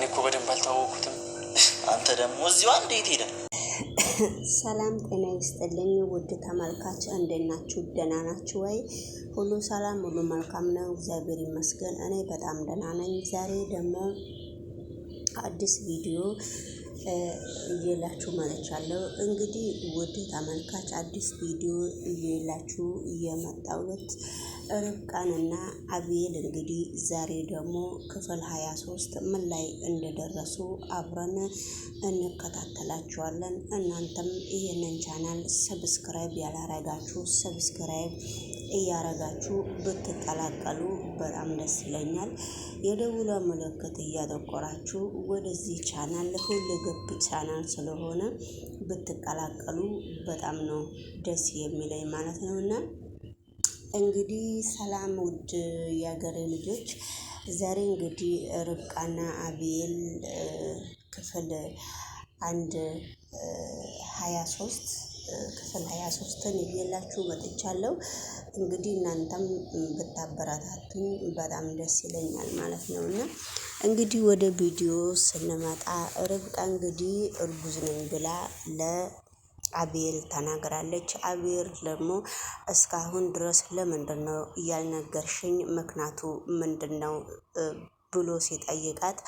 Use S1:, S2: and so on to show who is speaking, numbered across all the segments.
S1: እኔ እኮ በደንብ አልታወቁትም። አንተ ደግሞ እዚሁ አንድ ሄደ?
S2: ሰላም ጤና ይስጥልኝ ውድ ተመልካች፣ እንዴት ናችሁ? ደህና ናችሁ ወይ? ሁሉ ሰላም፣ ሁሉ መልካም ነው፣ እግዚአብሔር ይመስገን። እኔ በጣም ደህና ነኝ። ዛሬ ደግሞ አዲስ ቪዲዮ እየላችሁ ማለት እንግዲህ ውድ ተመልካች አዲስ ቪዲዮ እየላችሁ እየመጣሁት ርብቃንና አብል እንግዲህ ዛሬ ደግሞ ክፍል 23 ምን ላይ እንደደረሱ አብረን እንከታተላችኋለን። እናንተም ይህንን ቻናል ሰብስክራይብ ያላረጋችሁ ሰብስክራይብ እያረጋችሁ ብትቀላቀሉ በጣም ደስ ይለኛል። የደውለ ምልክት እያጠቆራችሁ ወደዚህ ቻናል ሁል ግብ ቻናል ስለሆነ ብትቀላቀሉ በጣም ነው ደስ የሚለኝ ማለት ነው። እና እንግዲህ ሰላም ውድ የሀገሬ ልጆች ዛሬ እንግዲህ ርብቃና አቤል ክፍል አንድ ሀያ ሶስት ክፍል ሀያ ሶስትን እየላችሁ መጥቻለሁ። እንግዲህ እናንተም ብታበረታቱኝ በጣም ደስ ይለኛል ማለት ነው እና እንግዲህ ወደ ቪዲዮ ስንመጣ ርብቃ እንግዲህ እርጉዝ ነኝ ብላ ለ አቤል ተናግራለች። አቤል ደግሞ እስካሁን ድረስ ለምንድን ነው እያልነገርሽኝ? ምክንያቱ ምንድን ነው ብሎ ሲጠይቃት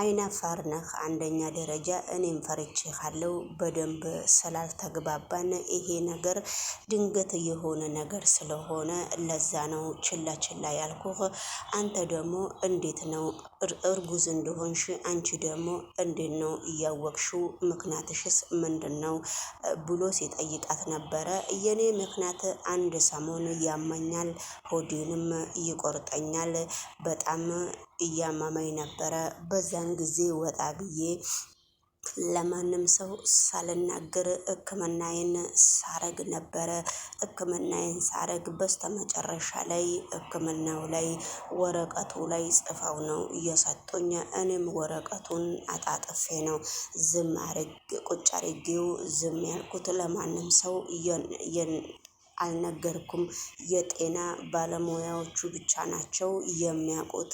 S2: አይናፋር ነህ፣ አንደኛ ደረጃ እኔም ፈርቼ ካለው በደንብ ስላልተግባባን ይሄ ነገር ድንገት የሆነ ነገር ስለሆነ ለዛ ነው ችላ ችላ ያልኩህ። አንተ ደግሞ እንዴት ነው እርጉዝ እንደሆንሽ አንቺ ደግሞ እንዴት ነው እያወቅሽው? ምክንያትሽስ ምንድን ነው ብሎ ሲጠይቃት ነበረ። የኔ ምክንያት አንድ ሰሞን ያመኛል፣ ሆዴንም ይቆርጠኛል በጣም እያ እያማመኝ ነበረ። በዛን ጊዜ ወጣ ብዬ ለማንም ሰው ሳልናገር ሕክምናዬን ሳረግ ነበረ። ሕክምናዬን ሳረግ በስተመጨረሻ ላይ ሕክምናው ላይ ወረቀቱ ላይ ጽፈው ነው እየሰጡኝ። እኔም ወረቀቱን አጣጥፌ ነው ዝም አርግ ቁጭ አርጌው ዝም ያልኩት ለማንም ሰው አልነገርኩም። የጤና ባለሙያዎቹ ብቻ ናቸው የሚያውቁት።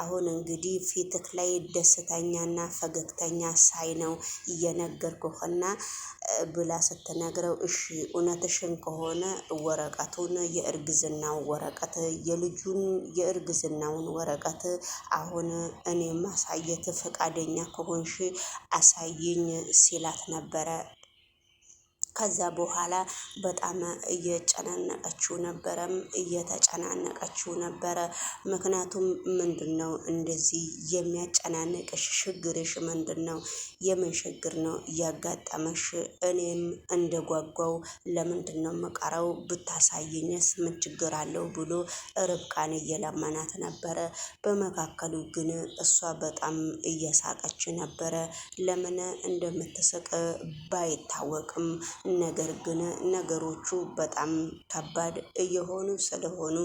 S2: አሁን እንግዲህ ፊትክ ላይ ደስተኛና ፈገግተኛ ሳይ ነው እየነገርኩህና ብላ ስትነግረው እሺ እውነትሽን ከሆነ ወረቀቱን የእርግዝናው ወረቀት የልጁን የእርግዝናውን ወረቀት አሁን እኔ ማሳየት ፈቃደኛ ከሆንሽ አሳይኝ ሲላት ነበረ ከዛ በኋላ በጣም እየጨናነቀችው ነበረም እየተጨናነቀችው ነበረ። ምክንያቱም ምንድን ነው እንደዚህ የሚያጨናንቅሽ ችግርሽ ምንድን ነው? የምን ችግር ነው እያጋጠመሽ? እኔም እንደጓጓው ለምንድን ነው መቀረው? ብታሳየኝስ ምን ችግር አለው ብሎ ርብቃን እየለመናት ነበረ። በመካከሉ ግን እሷ በጣም እየሳቀች ነበረ። ለምን እንደምትስቅ ባይታወቅም ነገር ግን ነገሮቹ በጣም ከባድ እየሆኑ ስለሆኑ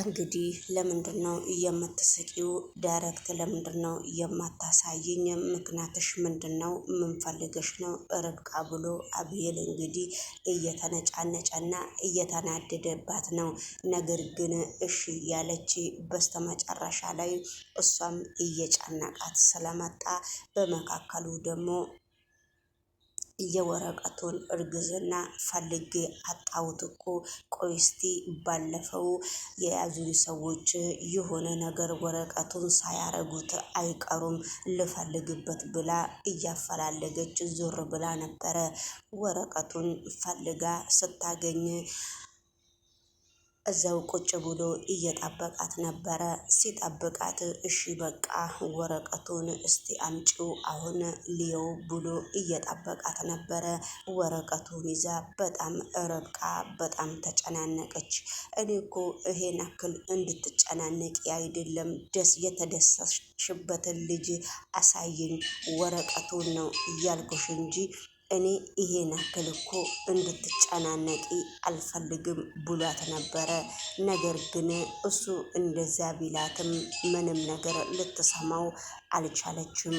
S2: እንግዲህ ለምንድን ነው የምትስቂው? ዳይሬክት ለምንድን ነው የማታሳይኝ? ምክንያትሽ ምንድን ነው? ምንፈልገሽ ነው ርብቃ ብሎ አብየል እንግዲህ እየተነጫነጨና እየተናደደባት ነው። ነገር ግን እሺ ያለች በስተመጨረሻ ላይ እሷም እየጨነቃት ስለመጣ በመካከሉ ደግሞ የወረቀቱን እርግዝና ፈልጌ አጣሁት እኮ። ቆይ እስቲ ባለፈው የያዙኝ ሰዎች የሆነ ነገር ወረቀቱን ሳያረጉት አይቀሩም ልፈልግበት ብላ እያፈላለገች ዞር ብላ ነበረ። ወረቀቱን ፈልጋ ስታገኝ እዛው ቁጭ ብሎ እየጠበቃት ነበረ። ሲጠብቃት እሺ በቃ ወረቀቱን እስቲ አምጪው አሁን ልየው ብሎ እየጠበቃት ነበረ። ወረቀቱን ይዛ በጣም ርብቃ በጣም ተጨናነቀች። እኔ እኮ ይሄን አክል እንድትጨናነቂ አይደለም ደስ የተደሰሽበትን ልጅ አሳየኝ ወረቀቱን ነው እያልኩሽ እንጂ እኔ ይሄን ያክል እኮ እንድትጨናነቂ አልፈልግም ብሏት ነበረ። ነገር ግን እሱ እንደዛ ቢላትም ምንም ነገር ልትሰማው አልቻለችም።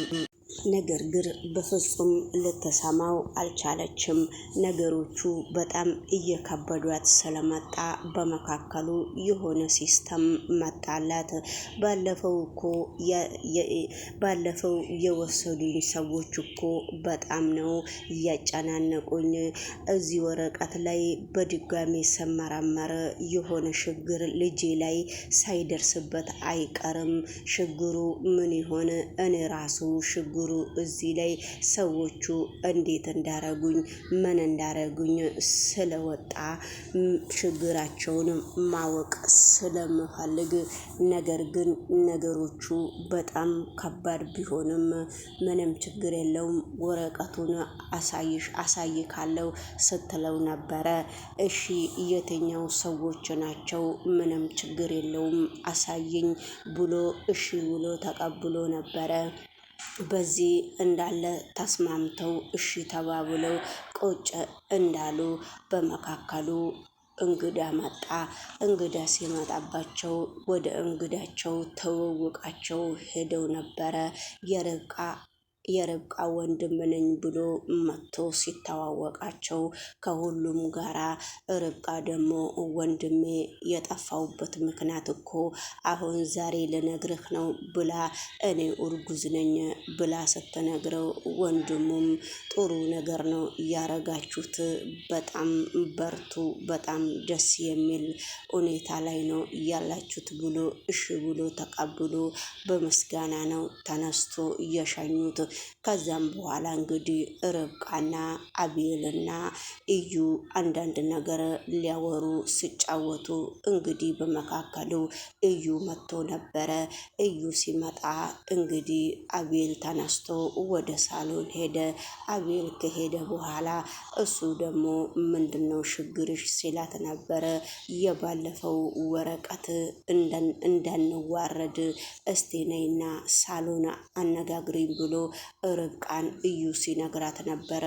S2: ነገር ግን በፍጹም ልትሰማው አልቻለችም። ነገሮቹ በጣም እየከበዷት ስለመጣ በመካከሉ የሆነ ሲስተም መጣላት። ባለፈው እኮ ባለፈው የወሰዱኝ ሰዎች እኮ በጣም ነው እያጨናነቁኝ። እዚህ ወረቀት ላይ በድጋሜ ስመራመር የሆነ ችግር ልጄ ላይ ሳይደርስበት አይቀርም። ችግሩ ምን ይሆን? እኔ ራሱ ችግሩ ሲያወሩ እዚህ ላይ ሰዎቹ እንዴት እንዳረጉኝ ምን እንዳረጉኝ ስለወጣ ችግራቸውን ማወቅ ስለምፈልግ፣ ነገር ግን ነገሮቹ በጣም ከባድ ቢሆንም ምንም ችግር የለውም ወረቀቱን አሳይሽ አሳይ ካለው ስትለው ነበረ። እሺ የትኛው ሰዎች ናቸው? ምንም ችግር የለውም አሳየኝ ብሎ እሺ ብሎ ተቀብሎ ነበረ። በዚህ እንዳለ ተስማምተው እሺ ተባብለው ቆጨ እንዳሉ በመካከሉ እንግዳ መጣ። እንግዳ ሲመጣባቸው ወደ እንግዳቸው ትውውቃቸው ሄደው ነበረ። የርብቃ የርብቃ ወንድም ነኝ ብሎ መጥቶ ሲተዋወቃቸው ከሁሉም ጋራ ርብቃ ደግሞ ወንድሜ የጠፋውበት ምክንያት እኮ አሁን ዛሬ ልነግርህ ነው ብላ እኔ እርጉዝ ነኝ ብላ ስትነግረው ወንድሙም ጥሩ ነገር ነው ያረጋችሁት፣ በጣም በርቱ፣ በጣም ደስ የሚል ሁኔታ ላይ ነው ያላችሁት ብሎ እሺ ብሎ ተቀብሎ በምስጋና ነው ተነስቶ እየሸኙት። ከዚያም በኋላ እንግዲህ ርብቃና አቤልና እዩ አንዳንድ ነገር ሊያወሩ ሲጫወቱ እንግዲህ በመካከሉ እዩ መጥቶ ነበረ። እዩ ሲመጣ እንግዲህ አቤል ተነስቶ ወደ ሳሎን ሄደ። አቤል ከሄደ በኋላ እሱ ደግሞ ምንድን ችግርሽ ሲላት ነበረ። የባለፈው ወረቀት እንዳንዋረድ እስቲ ነይና ሳሎን አነጋግሪኝ ብሎ ርብቃን እዩ ሲነግራት ነበረ።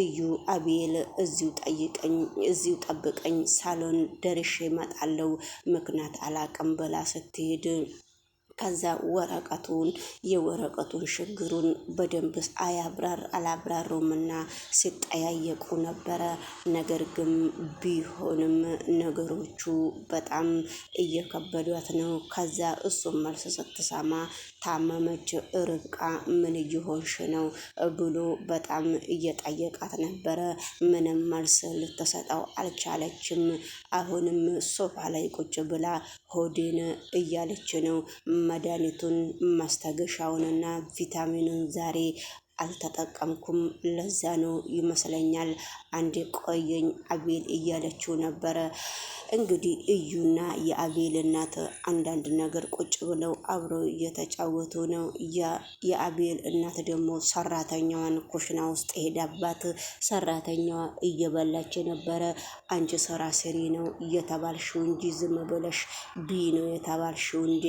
S2: እዩ አቤል እዚሁ ጠይቀኝ፣ እዚሁ ጠብቀኝ፣ ሳሎን ደርሼ እመጣለሁ፣ ምክንያት አላቅም ብላ ስትሄድ ከዛ ወረቀቱን የወረቀቱን ችግሩን በደንብ አያብራር አላብራሩም እና ሲጠያየቁ ነበረ። ነገር ግን ቢሆንም ነገሮቹ በጣም እየከበዷት ነው። ከዛ እሱም መልስ ስትሰማ ታመመች ርብቃ ምን እየሆንሽ ነው ብሎ በጣም እየጠየቃት ነበረ። ምንም መልስ ልትሰጠው አልቻለችም። አሁንም ሶፋ ላይ ቁጭ ብላ ሆዴን እያለች ነው። መድኃኒቱን ማስታገሻውንና ቪታሚኑን ዛሬ አልተጠቀምኩም ለዛ ነው ይመስለኛል አንድ ቆየኝ አቤል እያለችው ነበረ። እንግዲህ እዩና የአቤል እናት አንዳንድ ነገር ቁጭ ብለው አብረው እየተጫወቱ ነው። የአቤል እናት ደግሞ ሰራተኛዋን ኩሽና ውስጥ ሄዳባት፣ ሰራተኛዋ እየበላች ነበረ። አንቺ ስራ ስሪ ነው እየተባልሽው እንጂ ዝም ብለሽ ቢ ነው የተባልሽው እንዴ?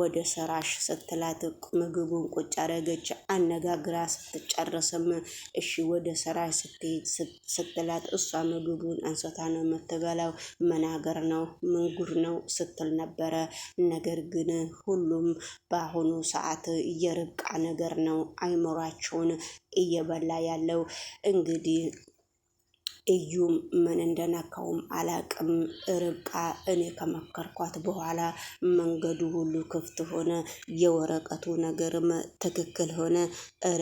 S2: ወደ ስራሽ ስትላት ምግቡን ቁጭ አረገች አነጋግራስ ስትጨርስም እሺ ወደ ስራ ስትሄድ ስትላት እሷ ምግቡን አንስታ ነው የምትበላው። መናገር ነው ምንጉር ነው ስትል ነበረ። ነገር ግን ሁሉም በአሁኑ ሰዓት የርብቃ ነገር ነው አይምሯቸውን እየበላ ያለው እንግዲህ እዩም ምን እንደነካውም አላቅም። ርብቃ እኔ ከመከርኳት በኋላ መንገዱ ሁሉ ክፍት ሆነ። የወረቀቱ ነገርም ትክክል ሆነ።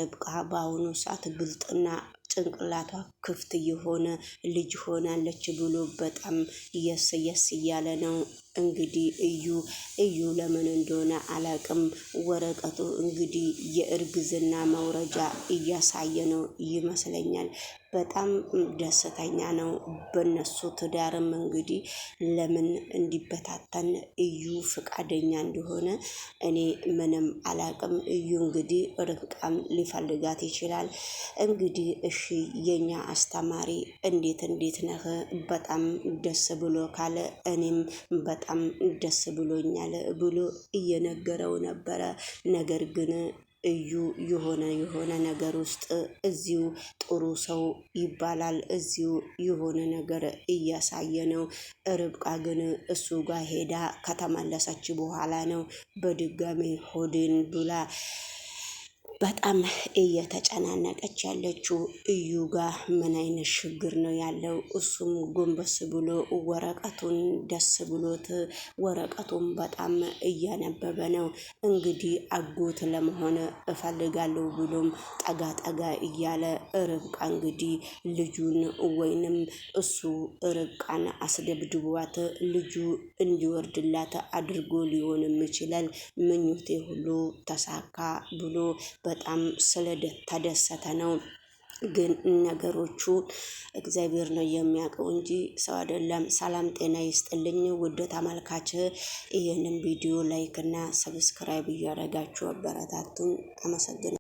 S2: ርብቃ በአሁኑ ሰዓት ብልጥና ጭንቅላቷ ክፍት የሆነ ልጅ ሆናለች ብሎ በጣም የስ የስ እያለ ነው። እንግዲህ እዩ እዩ ለምን እንደሆነ አላቅም። ወረቀቱ እንግዲህ የእርግዝና መውረጃ እያሳየ ነው ይመስለኛል። በጣም ደስተኛ ነው በነሱ ትዳርም እንግዲህ ለምን እንዲበታተን እዩ ፍቃደኛ እንደሆነ እኔ ምንም አላቅም። እዩ እንግዲህ ርብቃም ሊፈልጋት ይችላል። እንግዲህ እሺ የኛ አስተማሪ እንዴት እንዴት ነህ? በጣም ደስ ብሎ ካለ እኔም በጣም በጣም ደስ ብሎኛል ብሎ እየነገረው ነበረ። ነገር ግን እዩ የሆነ የሆነ ነገር ውስጥ እዚሁ ጥሩ ሰው ይባላል እዚሁ የሆነ ነገር እያሳየ ነው። ርብቃ ግን እሱ ጋር ሄዳ ከተመለሰች በኋላ ነው በድጋሚ ሆድን ብላ በጣም እየተጨናነቀች ያለችው እዩ ጋር ምን አይነት ችግር ነው ያለው? እሱም ጎንበስ ብሎ ወረቀቱን ደስ ብሎት ወረቀቱን በጣም እያነበበ ነው። እንግዲህ አጎት ለመሆን እፈልጋለሁ ብሎም ጠጋ ጠጋ እያለ ርብቃ እንግዲህ ልጁን ወይንም እሱ ርብቃን አስደብድቧት ልጁ እንዲወርድላት አድርጎ ሊሆንም ይችላል ምኞቴ ሁሉ ተሳካ ብሎ በጣም ስለተደሰተ ነው። ግን ነገሮቹ እግዚአብሔር ነው የሚያውቀው እንጂ ሰው አይደለም። ሰላም ጤና ይስጥልኝ ውድ ተመልካች፣ ይህንን ቪዲዮ ላይክ እና ሰብስክራይብ እያደረጋችሁ አበረታቱን። አመሰግናለሁ።